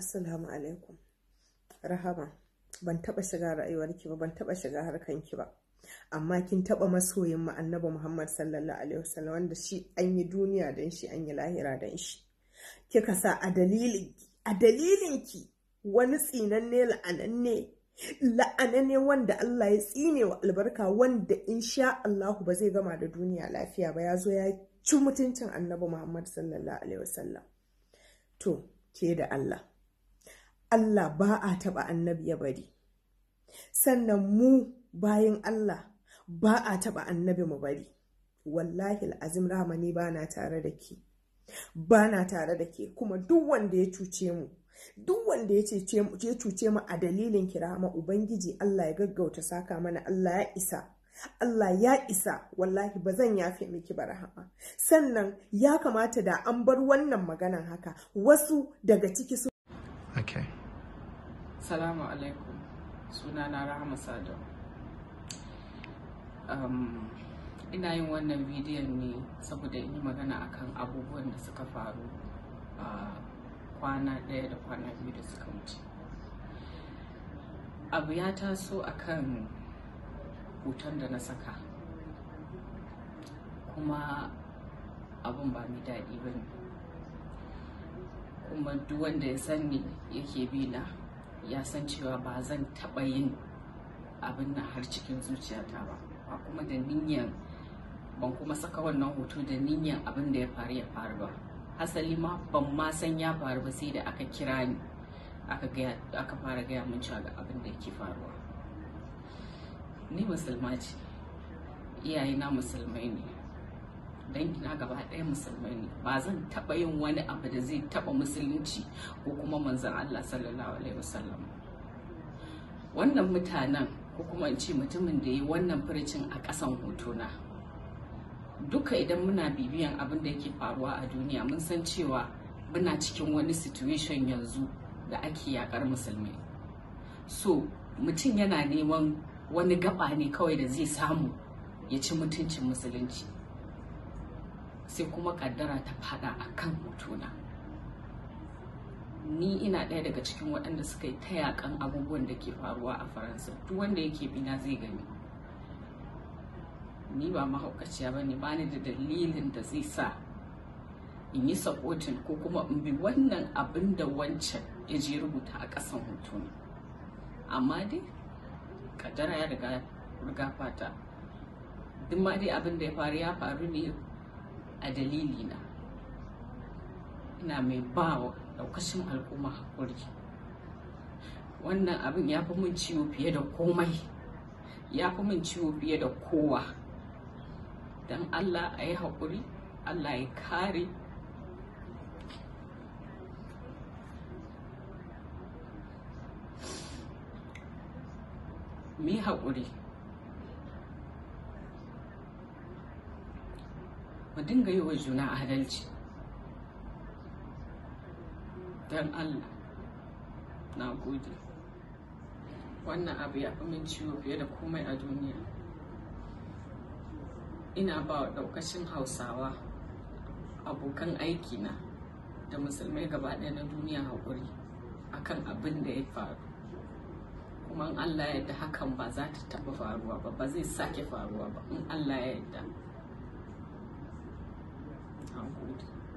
Assalamu alaikum. Rahama, ban taɓa shiga rayuwarki ba, ban taɓa shiga harkanki ba. Amma kin taɓa masoyin mu annabi Muhammad sallallahu alaihi wasallam wanda shi an yi duniya don shi an yi lahira don shi. Kika sa a dalilin a dalilinki wani tsinanne la'ananne la'ananne wanda Allah ya tsine wa albarka wanda insha Allahu ba zai gama da duniya lafiya ba ya zo ya ci mutuncin annabi Muhammad sallallahu alaihi wasallam. To, ke da Allah. Allah ba a taɓa annabi ya bari sannan mu bayan Allah ba a taɓa annabi mu bari wallahi azim ramani ba na tare da ke ba na tare da ke kuma duk wanda ya cuce mu duk wanda ya cuce mu a dalilin kirama ubangiji Allah ya gaggauta saka mana Allah ya isa Allah ya isa wallahi ba zan yafe miki ba rahama sannan ya kamata da an bar wannan maganan haka wasu daga ciki su Assalamu alaikum suna na Rahama Sadau. Um, ina yin wannan bidiyon ne saboda in yi magana akan abubuwan da suka faru a kwana ɗaya da kwana biyu da suka wuce. Abu ya taso akan hoton da na saka kuma abun ba mai daɗi ba ne. kuma duk wanda ya sani yake bi na ya san cewa ba zan taɓa yin abin nan har cikin zuciyata ba ba kuma da niyyar ban kuma saka wannan hoto da niyyar abin da ya faru ya faru ba hasali ma ban ma san ya faru ba sai da aka kira ni aka fara gaya mun cewa ga abin da yake faruwa ni musulma ce iyayena musulmai ne Dan ina gaba ɗaya musulmai ne ba zan taɓa yin wani abu da zai taɓa musulunci ko kuma manzon Allah sallallahu alaihi wasallam wannan mutanen ko kuma in ce mutumin da ya wannan furicin a ƙasan na duka idan muna bibiyan abin da yake faruwa a duniya mun san cewa muna cikin wani situation yanzu da ake yakar musulmi so mutum yana neman wani gaba ne kawai da zai samu ya ci mutuncin musulunci sai kuma kaddara ta fada a kan hotuna ni ina ɗaya daga cikin waɗanda suka yi ta yakan abubuwan da ke faruwa a faransa duk wanda yake bina zai gani ni ba mahaukaciya ba ne bani da dalilin da zai sa in yi sapotin ko kuma in bi wannan abin da wancan ya je rubuta a ƙasan hotuna amma dai kaddara ya riga fata duk ma dai abin da ya faru ya faru ne a dalilina ina mai bawa daukashin al'umma hakuri wannan abin ya fi min ciwo fiye da komai ya fi min ciwo fiye da kowa don allah a yi haƙuri allah ya kare mu yi haƙuri mu dinga yi wa juna adalci don allah na gode wannan abu ya fi min ciwo fiye da komai a duniya ina ba wa daukashin hausawa abokan aiki na, da musulmai gaba ɗaya na duniya haƙuri kan abin da ya faru kuma in allah ya hakan ba za ta taɓa faruwa ba ba zai sake faruwa ba in allah ya yadda. concrete.